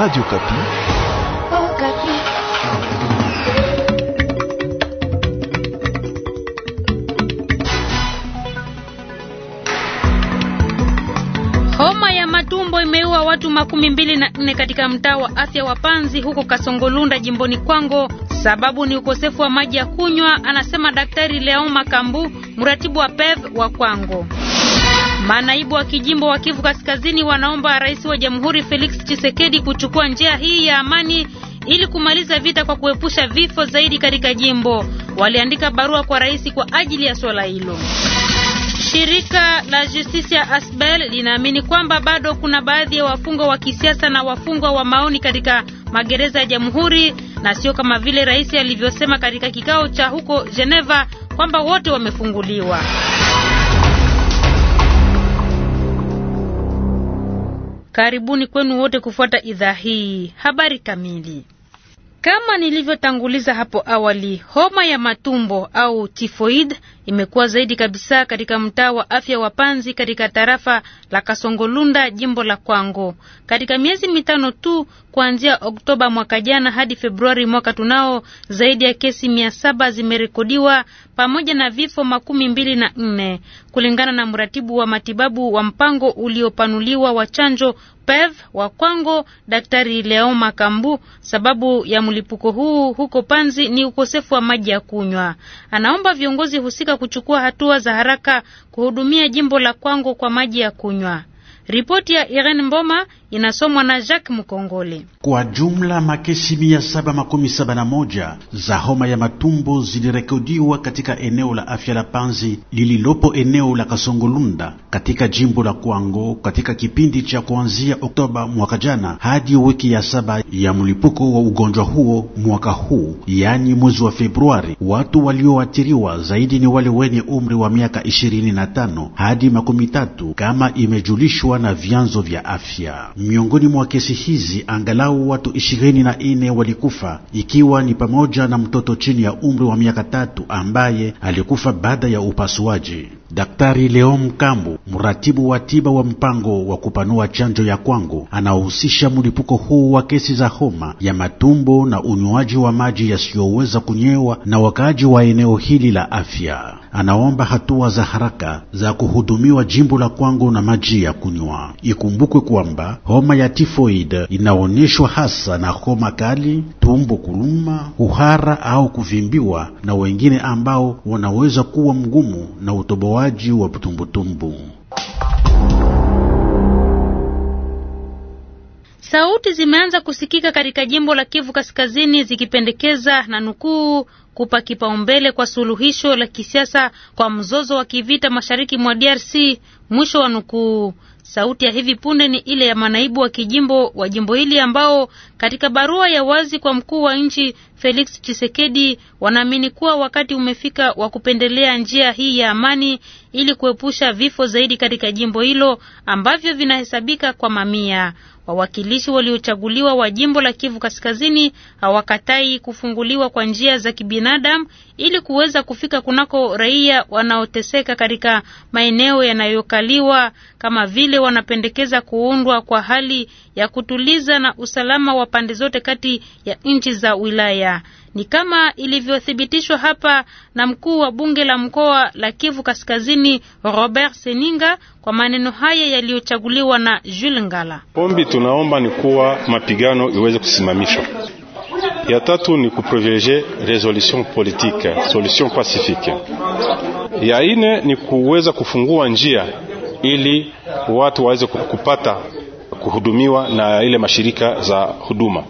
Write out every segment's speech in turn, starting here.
Radio Kapi. Oh, Kapi. Homa ya matumbo imeua watu makumi mbili na nne katika mtaa wa afya wa Panzi huko Kasongolunda jimboni Kwango. Sababu ni ukosefu wa maji ya kunywa, anasema Daktari Leon Makambu, mratibu wa PEV wa Kwango. Manaibu wa kijimbo wa Kivu Kaskazini wanaomba rais wa jamhuri Felix Tshisekedi kuchukua njia hii ya amani ili kumaliza vita kwa kuepusha vifo zaidi katika jimbo. Waliandika barua kwa rais kwa ajili ya swala hilo. Shirika la Justice ya Asbel linaamini kwamba bado kuna baadhi ya wafungwa wa kisiasa na wafungwa wa maoni katika magereza ya jamhuri na sio kama vile rais alivyosema katika kikao cha huko Geneva kwamba wote wamefunguliwa. Karibuni kwenu wote kufuata idhaa hii. Habari kamili. Kama nilivyotanguliza hapo awali, homa ya matumbo au tifoid imekuwa zaidi kabisa katika mtaa wa afya wa Panzi katika tarafa la Kasongolunda, jimbo la Kwango. Katika miezi mitano tu kuanzia Oktoba mwaka jana hadi Februari mwaka tunao, zaidi ya kesi mia saba zimerekodiwa pamoja na vifo makumi mbili na nne kulingana na mratibu wa matibabu wa mpango uliopanuliwa wa chanjo PEV wa Kwango Daktari leo Makambu, sababu ya mlipuko huu huko Panzi ni ukosefu wa maji ya kunywa. Anaomba viongozi husika kuchukua hatua za haraka kuhudumia jimbo la Kwango kwa maji ya kunywa. Ripoti ya Irene Mboma inasomwa na Jacques Mukongole. Kwa jumla makesi 771 za homa ya matumbo zilirekodiwa katika eneo la afya la Panzi lililopo eneo la Kasongolunda katika jimbo la Kwango katika kipindi cha kuanzia Oktoba mwaka jana hadi wiki ya saba ya mlipuko wa ugonjwa huo mwaka huu, yaani mwezi wa Februari. Watu walioathiriwa zaidi ni wale wenye umri wa miaka 25 hadi makumi tatu kama imejulishwa kufikiwa na vyanzo vya afya. Miongoni mwa kesi hizi angalau watu ishirini na ine walikufa, ikiwa ni pamoja na mtoto chini ya umri wa miaka tatu ambaye alikufa baada ya upasuaji. Daktari Leo Mkambu, mratibu wa tiba wa mpango wa kupanua chanjo ya kwangu anahusisha mlipuko huu wa kesi za homa ya matumbo na unywaji wa maji yasiyoweza kunyewa na wakaaji wa eneo hili la afya. Anaomba hatua za haraka za kuhudumiwa jimbo la kwangu na maji ya kunywa. Ikumbukwe kwamba homa ya tifoid inaonyeshwa hasa na homa kali, tumbo kuluma, kuhara au kuvimbiwa na wengine ambao wanaweza kuwa mgumu na wa mauaji wa Butumbutumbu. Sauti zimeanza kusikika katika jimbo la Kivu Kaskazini zikipendekeza na nukuu, kupa kipaumbele kwa suluhisho la kisiasa kwa mzozo wa kivita mashariki mwa DRC, mwisho wa nukuu. Sauti ya hivi punde ni ile ya manaibu wa kijimbo wa jimbo hili ambao katika barua ya wazi kwa mkuu wa nchi Felix Tshisekedi wanaamini kuwa wakati umefika wa kupendelea njia hii ya amani ili kuepusha vifo zaidi katika jimbo hilo ambavyo vinahesabika kwa mamia. Wawakilishi waliochaguliwa wa jimbo la Kivu Kaskazini hawakatai kufunguliwa kwa njia za kibinadamu ili kuweza kufika kunako raia wanaoteseka katika maeneo yanayokaliwa, kama vile wanapendekeza kuundwa kwa hali ya kutuliza na usalama wa pande zote kati ya nchi za wilaya. Ni kama ilivyothibitishwa hapa na mkuu wa bunge la mkoa la Kivu Kaskazini Robert Seninga kwa maneno haya yaliyochaguliwa na Jules Ngala. Pombi tunaomba ni kuwa mapigano iweze kusimamishwa. Ya tatu ni kuprivilege resolution politique, solution pacifique. Ya ine ni kuweza kufungua njia ili watu waweze kupata kuhudumiwa na ile mashirika za huduma.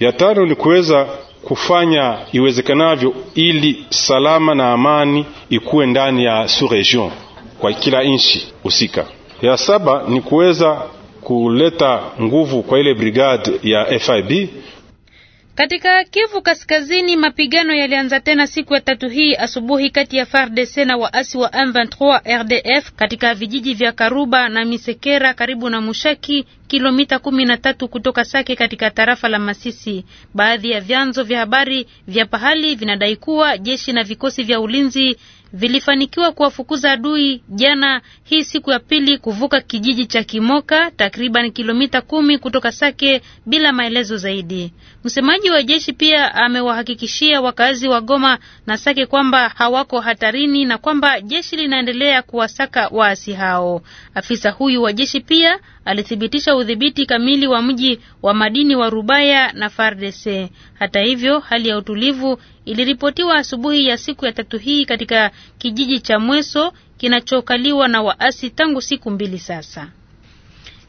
Ya tano ni kuweza kufanya iwezekanavyo ili salama na amani ikuwe ndani ya sous-region kwa kila nchi husika. Ya saba ni kuweza kuleta nguvu kwa ile brigade ya FIB katika Kivu Kaskazini, mapigano yalianza tena siku ya tatu hii asubuhi kati ya FARDC na waasi wa M23 RDF katika vijiji vya Karuba na Misekera karibu na Mushaki, kilomita 13 kutoka Sake katika tarafa la Masisi. Baadhi ya vyanzo vya habari vya pahali vinadai kuwa jeshi na vikosi vya ulinzi vilifanikiwa kuwafukuza adui jana hii siku ya pili kuvuka kijiji cha Kimoka takriban kilomita kumi kutoka Sake bila maelezo zaidi. Msemaji wa jeshi pia amewahakikishia wakazi wa Goma na Sake kwamba hawako hatarini na kwamba jeshi linaendelea kuwasaka waasi hao. Afisa huyu wa jeshi pia alithibitisha udhibiti kamili wa mji wa madini wa Rubaya na FARDC. Hata hivyo, hali ya utulivu iliripotiwa asubuhi ya siku ya tatu hii katika kijiji cha Mweso kinachokaliwa na waasi tangu siku mbili sasa.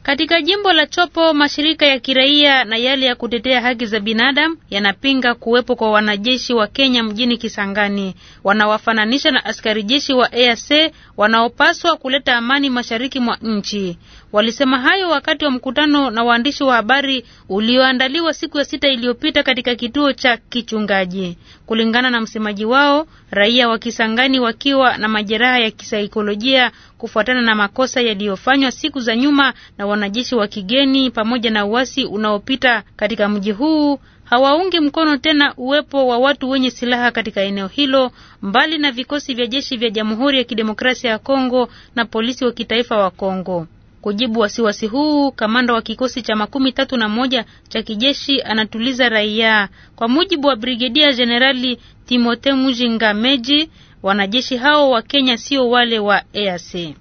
Katika jimbo la Chopo, mashirika ya kiraia na yale ya kutetea haki za binadamu yanapinga kuwepo kwa wanajeshi wa Kenya mjini Kisangani. Wanawafananisha na askari jeshi wa EAC wanaopaswa kuleta amani mashariki mwa nchi. Walisema hayo wakati wa mkutano na waandishi wa habari ulioandaliwa siku ya sita iliyopita katika kituo cha kichungaji. Kulingana na msemaji wao, raia wa Kisangani wakiwa na majeraha ya kisaikolojia kufuatana na makosa yaliyofanywa siku za nyuma na wanajeshi wa kigeni pamoja na uasi unaopita katika mji huu hawaungi mkono tena uwepo wa watu wenye silaha katika eneo hilo, mbali na vikosi vya jeshi vya Jamhuri ya Kidemokrasia ya Kongo na polisi wa kitaifa wa Kongo. Kujibu wasiwasi huu, kamanda wa kikosi cha makumi tatu na moja cha kijeshi anatuliza raia. Kwa mujibu wa Brigedia Jenerali Timote Mujinga Meji, wanajeshi hao wa Kenya sio wale wa EAC.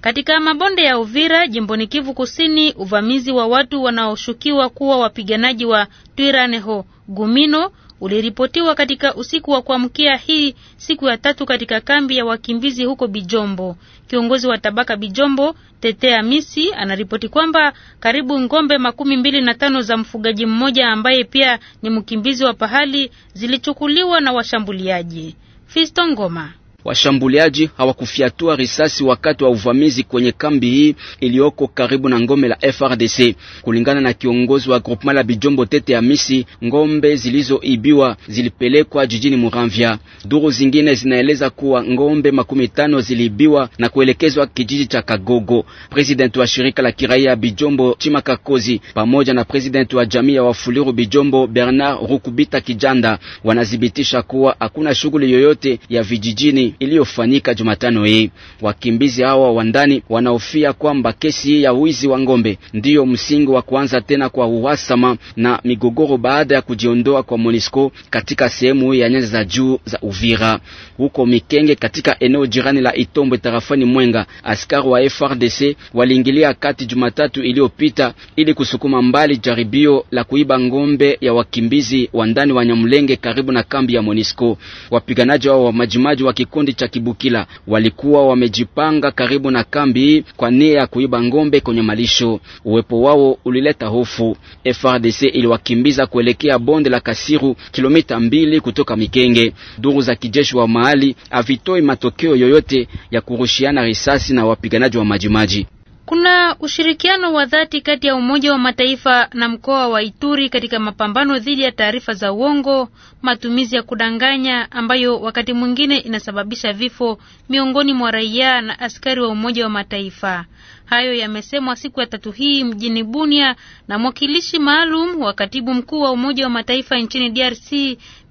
Katika mabonde ya Uvira jimboni Kivu Kusini, uvamizi wa watu wanaoshukiwa kuwa wapiganaji wa Twiraneho Gumino uliripotiwa katika usiku wa kuamkia hii siku ya tatu katika kambi ya wakimbizi huko Bijombo. Kiongozi wa tabaka Bijombo Tetea Misi anaripoti kwamba karibu ngombe makumi mbili na tano za mfugaji mmoja ambaye pia ni mkimbizi wa pahali zilichukuliwa na washambuliaji. Fisto Ngoma Washambuliaji hawakufyatua risasi wakati wa uvamizi kwenye kambi hii iliyoko karibu na ngome la FRDC. Kulingana na kiongozi wa groupement la Bijombo Tete ya Misi, ngombe zilizoibiwa zilipelekwa jijini Muramvya. Duru zingine zinaeleza kuwa ngombe makumi tano ziliibiwa na kuelekezwa kijiji cha Kagogo. President wa shirika la kiraia Bijombo Chimakakozi pamoja na president wa jamii ya Wafuliru Bijombo Bernard Rukubita Kijanda wanazibitisha kuwa hakuna shughuli yoyote ya vijijini iliyofanyika Jumatano hii. Wakimbizi hawa wa ndani wanahofia kwamba kesi hii ya wizi wa ngombe ndiyo msingi wa kuanza tena kwa uhasama na migogoro baada ya kujiondoa kwa MONUSCO katika sehemu hii ya nyanza za juu za Uvira. Huko Mikenge, katika eneo jirani la Itombwe tarafani Mwenga, askari wa FRDC waliingilia kati Jumatatu iliyopita ili kusukuma mbali jaribio la kuiba ngombe ya wakimbizi wa ndani wa Nyamulenge karibu na kambi ya MONUSCO. Wapiganaji wa majimaji wa kikundi kikundi cha Kibukila walikuwa wamejipanga karibu na kambi kwa nia ya kuiba ngombe kwenye malisho. Uwepo wao ulileta hofu. FRDC iliwakimbiza kuelekea bonde la Kasiru, kilomita mbili kutoka Mikenge. Duru za kijeshi wa mahali havitoi matokeo yoyote ya kurushiana risasi na wapiganaji wa majimaji. Kuna ushirikiano wa dhati kati ya Umoja wa Mataifa na mkoa wa Ituri katika mapambano dhidi ya taarifa za uongo, matumizi ya kudanganya ambayo wakati mwingine inasababisha vifo miongoni mwa raia na askari wa Umoja wa Mataifa. Hayo yamesemwa siku ya tatu hii mjini Bunia na mwakilishi maalum wa katibu mkuu wa Umoja wa Mataifa nchini DRC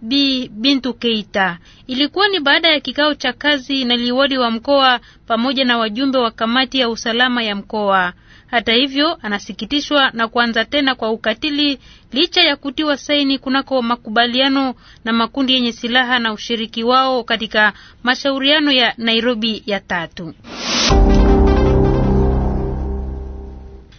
b Bintu Keita. Ilikuwa ni baada ya kikao cha kazi na liwali wa mkoa pamoja na wajumbe wa kamati ya usalama ya mkoa. Hata hivyo, anasikitishwa na kuanza tena kwa ukatili licha ya kutiwa saini kunako makubaliano na makundi yenye silaha na ushiriki wao katika mashauriano ya Nairobi ya tatu.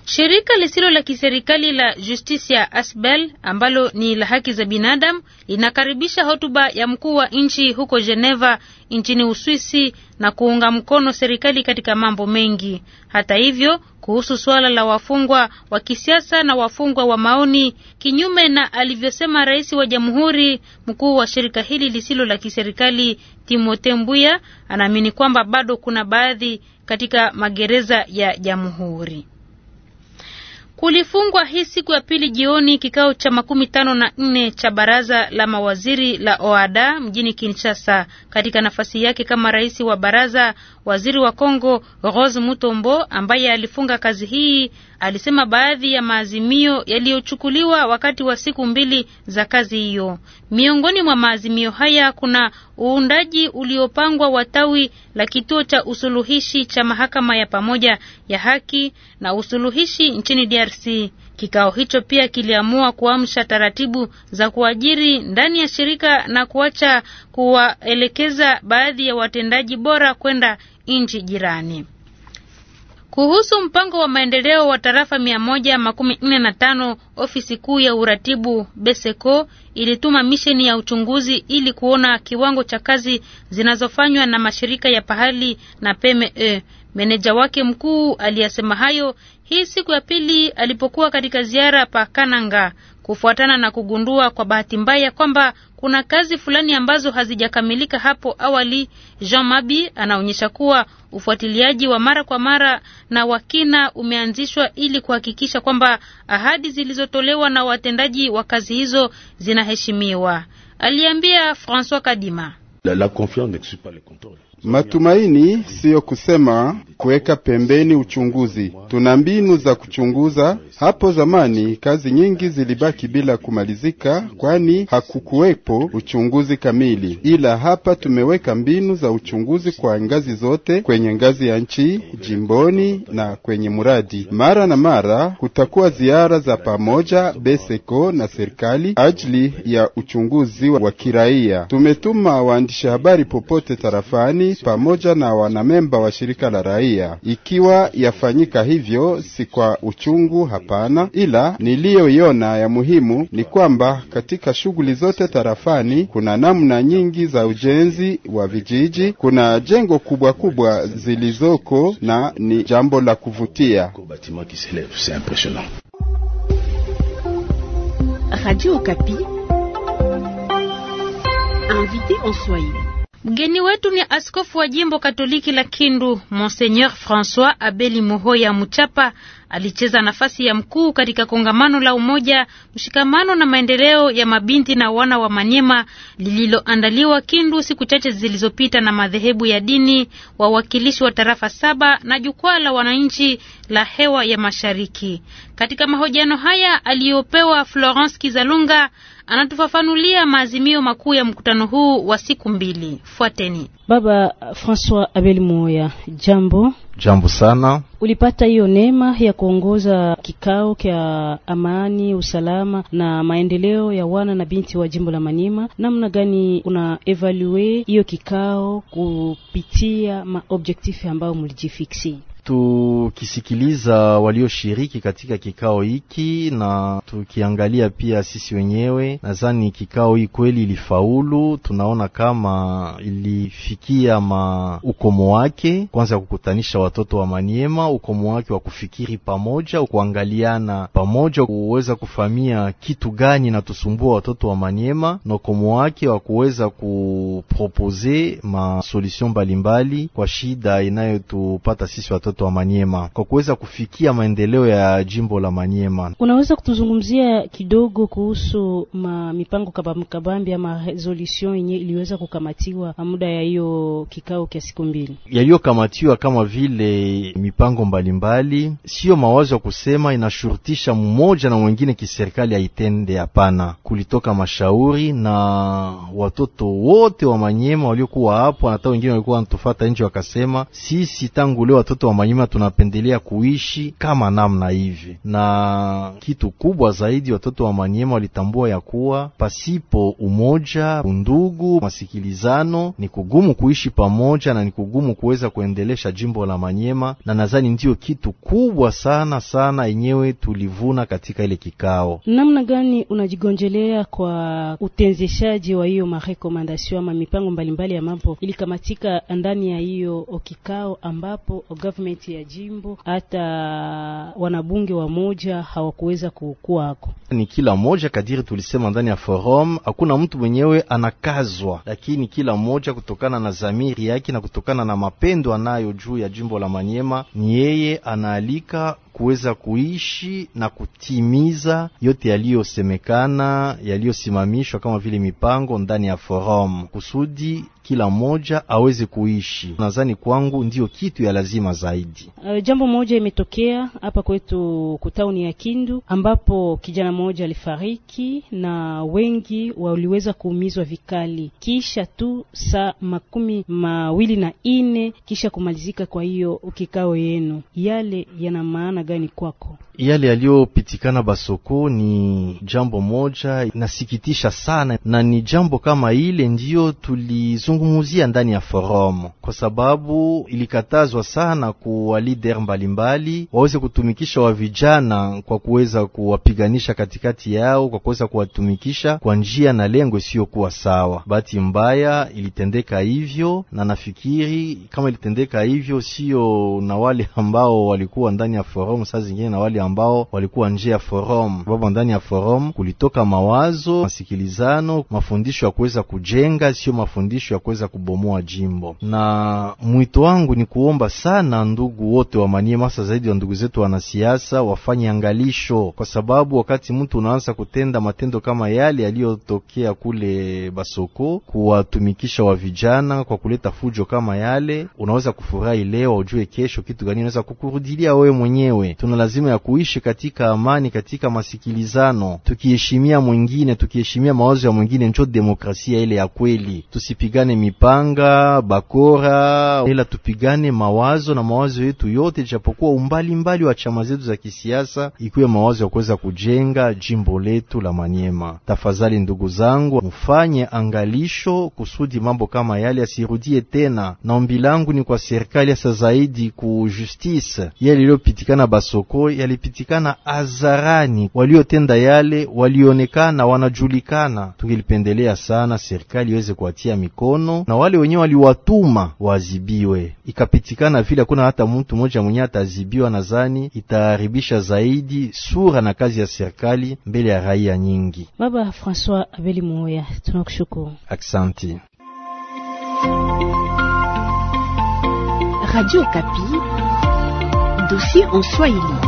Shirika lisilo la kiserikali la Justicia Asbel ambalo ni la haki za binadamu linakaribisha hotuba ya mkuu wa nchi huko Geneva nchini Uswisi na kuunga mkono serikali katika mambo mengi. Hata hivyo, kuhusu suala la wafungwa wa kisiasa na wafungwa wa maoni, kinyume na alivyosema rais wa jamhuri, mkuu wa shirika hili lisilo la kiserikali timothe Mbuya anaamini kwamba bado kuna baadhi katika magereza ya jamhuri. Kulifungwa hii siku ya pili jioni kikao cha makumi tano na nne cha baraza la mawaziri la OADA mjini Kinshasa. Katika nafasi yake kama rais wa baraza, waziri wa Kongo Rose Mutombo ambaye alifunga kazi hii Alisema baadhi ya maazimio yaliyochukuliwa wakati wa siku mbili za kazi hiyo. Miongoni mwa maazimio haya kuna uundaji uliopangwa wa tawi la kituo cha usuluhishi cha mahakama ya pamoja ya haki na usuluhishi nchini DRC. Kikao hicho pia kiliamua kuamsha taratibu za kuajiri ndani ya shirika na kuacha kuwaelekeza baadhi ya watendaji bora kwenda nchi jirani. Kuhusu mpango wa maendeleo wa tarafa mia moja makumi nne na tano, ofisi kuu ya uratibu Beseko ilituma misheni ya uchunguzi ili kuona kiwango cha kazi zinazofanywa na mashirika ya pahali na PME. E. Meneja wake mkuu aliyasema hayo hii siku ya pili alipokuwa katika ziara pa Kananga kufuatana na kugundua kwa bahati mbaya kwamba kuna kazi fulani ambazo hazijakamilika hapo awali. Jean Mabi anaonyesha kuwa ufuatiliaji wa mara kwa mara na wa kina umeanzishwa ili kuhakikisha kwamba ahadi zilizotolewa na watendaji wa kazi hizo zinaheshimiwa, aliambia Francois Kadima. La, la confiance n'exclut pas le contrôle. Matumaini siyo kusema kuweka pembeni uchunguzi. Tuna mbinu za kuchunguza. Hapo zamani kazi nyingi zilibaki bila kumalizika, kwani hakukuwepo uchunguzi kamili, ila hapa tumeweka mbinu za uchunguzi kwa ngazi zote, kwenye ngazi ya nchi, jimboni na kwenye muradi. Mara na mara kutakuwa ziara za pamoja Beseko na serikali ajili ya uchunguzi wa kiraia. Tumetuma waandishi habari popote tarafani serikali pamoja na wanamemba wa shirika la raia. Ikiwa yafanyika hivyo, si kwa uchungu, hapana, ila niliyoiona ya muhimu ni kwamba katika shughuli zote tarafani kuna namna nyingi za ujenzi wa vijiji, kuna jengo kubwa kubwa zilizoko na ni jambo la kuvutia. Radio Okapi, invité en Swahili. Mgeni wetu ni askofu wa jimbo Katoliki la Kindu, Monseigneur Francois Abeli Muhoya Muchapa. Alicheza nafasi ya mkuu katika kongamano la umoja, mshikamano na maendeleo ya mabinti na wana wa Manyema lililoandaliwa Kindu siku chache zilizopita na madhehebu ya dini, wawakilishi wa tarafa saba na jukwaa la wananchi la hewa ya Mashariki. Katika mahojiano haya aliyopewa Florence Kizalunga anatufafanulia maazimio makuu ya mkutano huu wa siku mbili. Fuateni. Baba Francois Abel Moya, jambo. Jambo sana. Ulipata hiyo neema ya kuongoza kikao kya amani, usalama na maendeleo ya wana na binti wa jimbo la manima Namna gani una evalue hiyo kikao kupitia maobjektifu ambayo mlijifiksi? tukisikiliza walioshiriki katika kikao hiki na tukiangalia pia sisi wenyewe, nadhani kikao hii kweli ilifaulu. Tunaona kama ilifikia ma ukomo wake, kwanza ya kukutanisha watoto wa Maniema, ukomo wake wa kufikiri pamoja, kuangaliana pamoja, kuweza kufamia kitu gani natusumbua watoto wa Maniema, na ukomo wake wa kuweza kupropose ma solution mbalimbali kwa shida inayotupata sisi watoto watoto wa Manyema kwa kuweza kufikia maendeleo ya jimbo la Manyema. Unaweza kutuzungumzia kidogo kuhusu ma mipango kabambi ama resolution yenye iliweza kukamatiwa muda ya hiyo kikao kia siku mbili yaliyokamatiwa, kama vile mipango mbalimbali, siyo mawazo ya kusema inashurutisha mmoja na mwingine kiserikali aitende. Hapana, kulitoka mashauri na watoto wote wa Manyema waliokuwa hapo na hata wengine walikuwa wanatufata nje, wakasema sisi tangu leo watoto wa Manyema wanyuma tunapendelea kuishi kama namna hivi, na kitu kubwa zaidi, watoto wa Manyema walitambua ya kuwa pasipo umoja, undugu, masikilizano ni kugumu kuishi pamoja na ni kugumu kuweza kuendelesha jimbo la Manyema, na nadhani ndiyo kitu kubwa sana sana yenyewe tulivuna katika ile kikao. Namna gani unajigonjelea kwa utenzeshaji wa hiyo marekomandasio ama mipango mbalimbali ya mambo ilikamatika ndani ya hiyo kikao ambapo government seneti ya jimbo, hata wanabunge wa moja hawakuweza kukuwako. Ni kila moja kadiri tulisema ndani ya forum, hakuna mtu mwenyewe anakazwa, lakini kila moja kutokana na zamiri yake na kutokana na mapendo anayo juu ya jimbo la Manyema, ni yeye anaalika kuweza kuishi na kutimiza yote yaliyosemekana, yaliyosimamishwa kama vile mipango ndani ya forum kusudi kila mmoja aweze kuishi. Nadhani kwangu ndiyo kitu ya lazima zaidi. Uh, jambo moja imetokea hapa kwetu kutauni ya Kindu ambapo kijana mmoja alifariki na wengi waliweza kuumizwa vikali, kisha tu saa makumi mawili na ine kisha kumalizika kwa hiyo kikao yenu, yale yana maana gani kwako? Yale yaliyopitikana Basoko ni jambo moja nasikitisha sana, na ni jambo kama ile ndiyo tulizungumza kuzungumuzia ndani ya forum, kwa sababu ilikatazwa sana kuwa leader mbalimbali waweze kutumikisha wa vijana kwa kuweza kuwapiganisha katikati yao, kwa kuweza kuwatumikisha kwa njia na lengo isiyokuwa sawa. Bahati mbaya ilitendeka hivyo, na nafikiri kama ilitendeka hivyo sio na wale ambao walikuwa ndani ya forum, saa zingine na wale ambao walikuwa nje ya forum, sababu ndani ya forum kulitoka mawazo, masikilizano, mafundisho ya kuweza kujenga, sio mafundisho ya kuweza kubomoa jimbo. Na mwito wangu ni kuomba sana ndugu wote wa Maniema, hasa zaidi wa ndugu zetu wanasiasa, wafanye angalisho, kwa sababu wakati mtu unaanza kutenda matendo kama yale yaliyotokea kule Basoko, kuwatumikisha wa vijana kwa kuleta fujo kama yale, unaweza kufurahi leo, ujue kesho kitu gani unaweza kukurudilia wewe mwenyewe. Tuna lazima ya kuishi katika amani, katika masikilizano, tukiheshimia mwingine, tukiheshimia mawazo ya mwingine, njo demokrasia ile ya kweli, tusipigane mipanga bakora, ila tupigane mawazo na mawazo yetu yote, japokuwa umbali mbali wa chama zetu za kisiasa, ikuwe mawazo ya kuweza kujenga jimbo letu la Manyema. Tafadhali ndugu zangu, mfanye angalisho kusudi mambo kama yale asirudie tena. ombi langu ni kwa serikali hasa zaidi ku justice, yale yaliyopitikana Basoko yalipitikana azarani waliotenda yale walionekana, wanajulikana. Tungelipendelea sana serikali iweze kuatia mikono mfano na wale wenyewe waliwatuma wazibiwe. Ikapitikana vile hakuna hata mtu mmoja mwenye atazibiwa, nadhani itaharibisha zaidi sura na kazi ya serikali mbele ya raia nyingi. Baba François Abeli Moya, tunakushukuru. Aksanti. Radio Kapi, dossier en Swahili.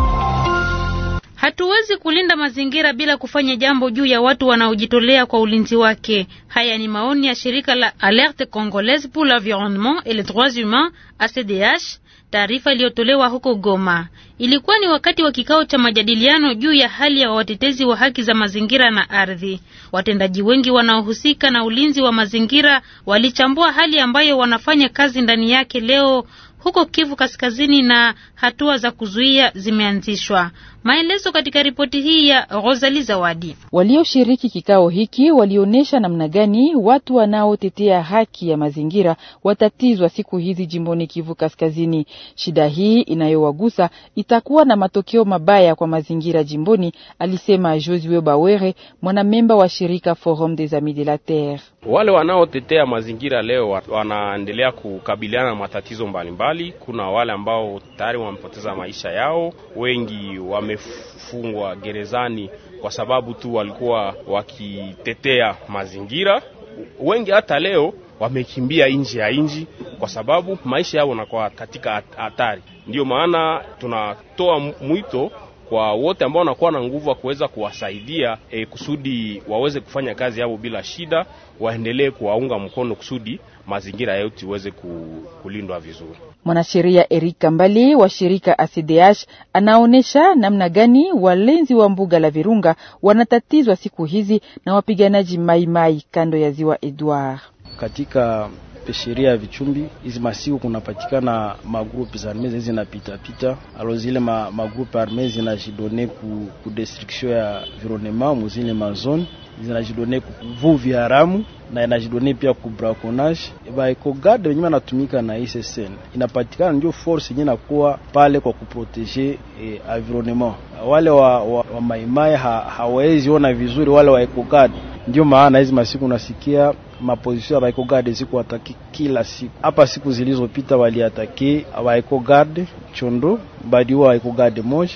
Hatuwezi kulinda mazingira bila kufanya jambo juu ya watu wanaojitolea kwa ulinzi wake. Haya ni maoni ya shirika la Alerte Congolaise pour l'Environnement et les Droits Humains ACDH, taarifa iliyotolewa huko Goma. Ilikuwa ni wakati wa kikao cha majadiliano juu ya hali ya watetezi wa haki za mazingira na ardhi. Watendaji wengi wanaohusika na ulinzi wa mazingira walichambua hali ambayo wanafanya kazi ndani yake leo huko Kivu Kaskazini na hatua za kuzuia zimeanzishwa. Maelezo katika ripoti hii ya Rosali Zawadi. Walioshiriki kikao hiki walionyesha namna gani watu wanaotetea haki ya mazingira watatizwa siku hizi jimboni Kivu Kaskazini. Shida hii inayowagusa itakuwa na matokeo mabaya kwa mazingira jimboni, alisema Josue Bawere, mwanamemba wa shirika Forum des Amis de la Terre. Wale wanaotetea mazingira leo wanaendelea kukabiliana na matatizo mbalimbali mbalimbali. Kuna wale ambao tayari wamepoteza maisha yao, wengi wamefungwa gerezani kwa sababu tu walikuwa wakitetea mazingira. Wengi hata leo wamekimbia nje ya nchi kwa sababu maisha yao yanakuwa katika hatari. Ndiyo maana tunatoa mwito kwa wote ambao wanakuwa na nguvu ya kuweza kuwasaidia e, kusudi waweze kufanya kazi yao bila shida, waendelee kuwaunga mkono kusudi mazingira yetu iweze kulindwa vizuri. Mwanasheria Eric Kambale wa shirika ACDH anaonyesha namna gani walinzi wa mbuga la Virunga wanatatizwa siku hizi na wapiganaji Maimai kando ya ziwa Edward katika pesheria ya Vichumbi, hizi masiku kunapatikana magrupe za arme zinapitapita, alo zile ma, magrupe arme zinajidone ku, ku destruction ya vironema muzile mazone zinajidone kuvuvi haramu na inajidone pia ku braconage. Eba eko guard wenyewe anatumika na ISSN inapatikana, ndio force yenyewe nakuwa pale kwa kuprotege eh, environnement. Wale wa, wa, wa maimai ha, hawezi ona vizuri wale wa eco guard ndio maana hizi masiku unasikia maposition ya baekogarde zikuatake kila siku hapa. Siku zilizopita waliatake garde Chondo, waeko garde moja.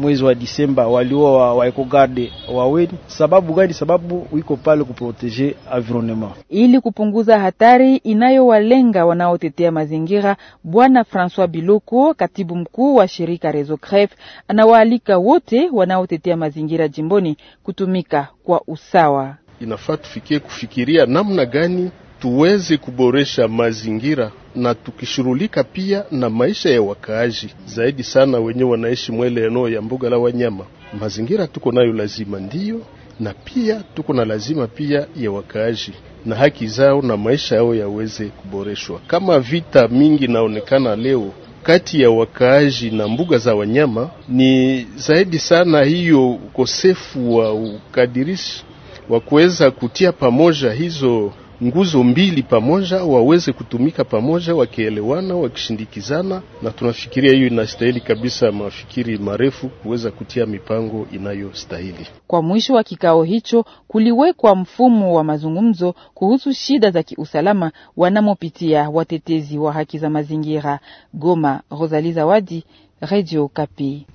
Mwezi wa Disemba waeko garde waweni Sababu gani? Sababu wiko pale kuprotege environnement, ili kupunguza hatari inayowalenga wanaotetea mazingira. Bwana Francois Biloko, katibu mkuu wa shirika Rezo Cref, anawaalika wote wanaotetea mazingira jimboni kutumika kwa usawa inafaa tufikie kufikiria namna gani tuweze kuboresha mazingira na tukishurulika pia na maisha ya wakaaji zaidi sana wenye wanaishi mwele eneo ya mbuga la wanyama. Mazingira tuko nayo lazima ndiyo, na pia tuko na lazima pia ya wakaaji na haki zao na maisha yao yaweze kuboreshwa. Kama vita mingi inaonekana leo kati ya wakaaji na mbuga za wanyama, ni zaidi sana hiyo ukosefu wa ukadirishi wa kuweza kutia pamoja hizo nguzo mbili pamoja, waweze kutumika pamoja, wakielewana, wakishindikizana, na tunafikiria hiyo inastahili kabisa mafikiri marefu kuweza kutia mipango inayostahili. Kwa mwisho wa kikao hicho, kuliwekwa mfumo wa mazungumzo kuhusu shida za kiusalama wanamopitia watetezi wa haki za mazingira. Goma, rosali Zawadi, Radio Kapi.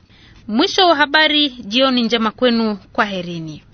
Mwisho wa habari. Jioni njema kwenu, kwaherini.